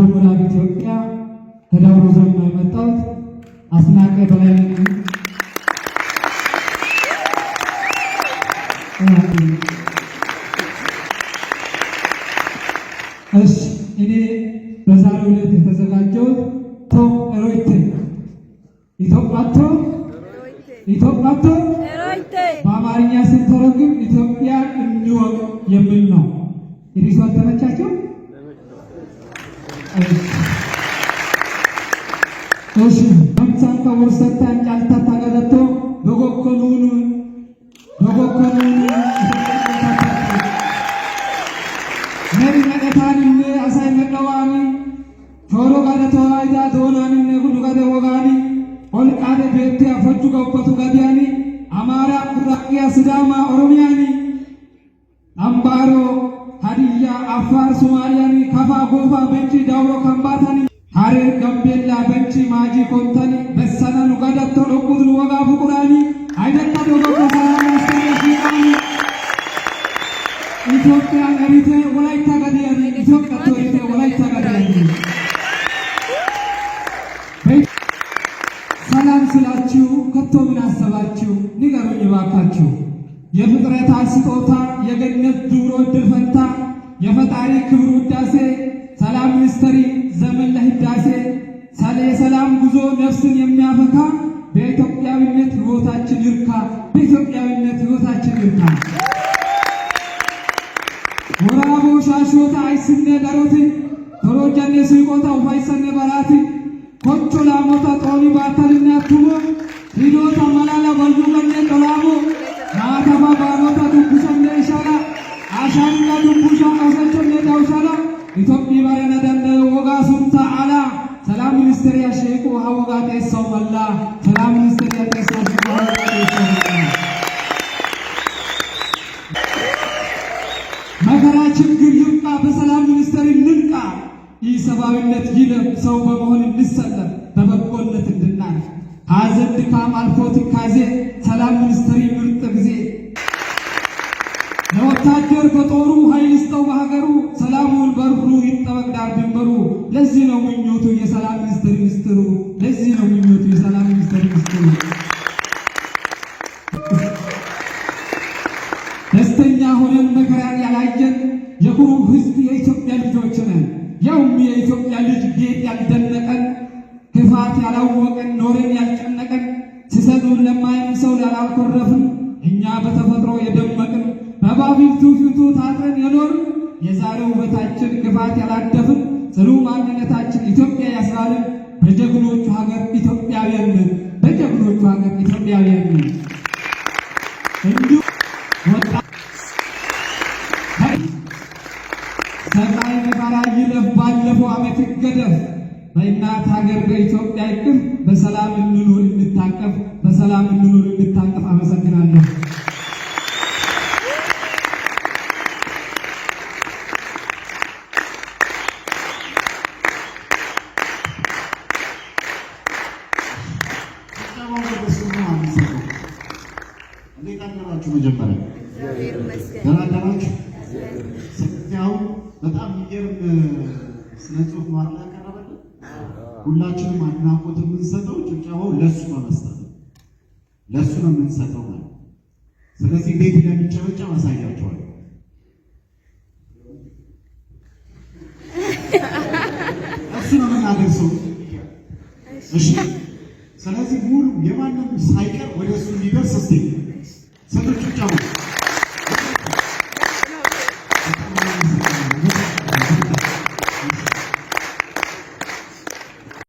በምዕራብ ኢትዮጵያ ተዳውሮ ዘማ የመጣሁት አስናቀ በላይ እሺ እኔ በዛሬው ዕለት የተዘጋጀሁት ቶም ሮይቴ ኢትዮጵያቶ ኢትዮጵያቶ በአማርኛ ስንተረጉም ኢትዮጵያ እንወቅ የሚል ነው። እንግዲህ ተመቻቸው። እሺ አምሳን ከውር ሰጥተን ጫልታ ተገለቶ በጎኮኑኑ በጎኮኑኑ ነሪ ነገታንን አሳይ መቀዋኒ ቶሎ ጋደ ተዋይዳ ዶናንን ጉዱ ጋደ ወጋኒ ኦልቃደ ቤት አፈቹ ገውኮቱ ጋዲያኒ አማራ ኩራቂያ ስዳማ ኦሮሚያኒ አምባሮ ሀዲያ አፋር ሶማሊያኒ ከፋ ጎፋ ቤንቺ ዳውሮ ከምባታኒ Hareen gambeella bacci maajii koontani bessanan ugadatto dhokkudun wagaa fuquraanii አይደለም ወገቡ ሰላም ያስተላልፋል። ኢትዮጵያ ገሪቴ ወላይታ ገዲያ ኢትዮጵያ ገሪቴ ወላይታ ገዲያ ሰላም ስላችሁ ከቶ ምን አሰባችሁ ንገሩኝ ባካችሁ። የፍጥረታ ስጦታ የገነት ዱሮ ድል ፈንታ የፈጣሪ ክብሩ መንግስትን የሚያፈካ በኢትዮጵያዊነት ህይወታችን ይርካ፣ በኢትዮጵያዊነት ህይወታችን ይርካ። ወራቦ ሻሾታ አይስነ ዳሮቲ ቶሎጃኔ ስቆታ ውፋይሰነ በራቲ ሚኒስትር የሼቁ አወጋ ጤሰው ወላ ተራ ሚኒስትር የጤሰው መከራ ችግር ይምጣ፣ በሰላም ሚኒስትር እንምጣ። ይህ ይለም ሰው በመሆን እንሰለፍ፣ በበጎነት እንድናል ሐዘን ድካም አልፎ ትካዜ ለወታደር በጦሩ ኃይል ይስጠው በሀገሩ ሰላሙን በርፍሩ ይጠበቅ ዳር ድንበሩ። ለዚህ ነው ምኞቱ የሰላም ሚኒስትር ሚኒስትሩ። ለዚህ ነው ምኞቱ የሰላም ሚኒስትር ሚኒስትሩ። ደስተኛ ሆነን መከራን ያላየን የኩሩብ ህዝብ የኢትዮጵያ ልጆች ነን። ያውም የኢትዮጵያ ልጅ ጌጥ ያልደነቀን ክፋት ያላወቀን ኖረን ያልጨነቀን ሲሰጡን ለማይም ሰው ያላልኮረፍን እኛ በተፈጥሮ የደመቅን የዛሬ ውበታችን ግፋት ያላደፍን ጽኑ ማንነታችን ኢትዮጵያ ያስራልን በጀግኖቹ ሀገር ኢትዮጵያውያን በጀግኖቹ ሀገር ኢትዮጵያውያን እንዲሁ ወጣ ሰማይ ነፋራ ይለፍ ባለፈው ዓመት ይገደፍ በእናት ሀገር በኢትዮጵያ ይቅም በሰላም እንኑር እንታቀፍ በሰላም እንኑር እንታቀፍ ናችሁ? መጀመሪያ ተናገራችሁ። ስለዚህ በጣም የሚገርም ስነ ጽሁፍ ሁላችንም አድናቆት የምንሰጠው ጭብጨባው ለእሱ በመስጠት ለእሱ ነው የምንሰጠው ማለት። ስለዚህ እንዴት እንደሚጨበጨብ አሳያቸዋል። እሱ ነው የምናደርሰው። እሺ ስለዚህ ሙሉ የማንም ሳይቀር ወደ እሱ እንዲደርስ 상금 1점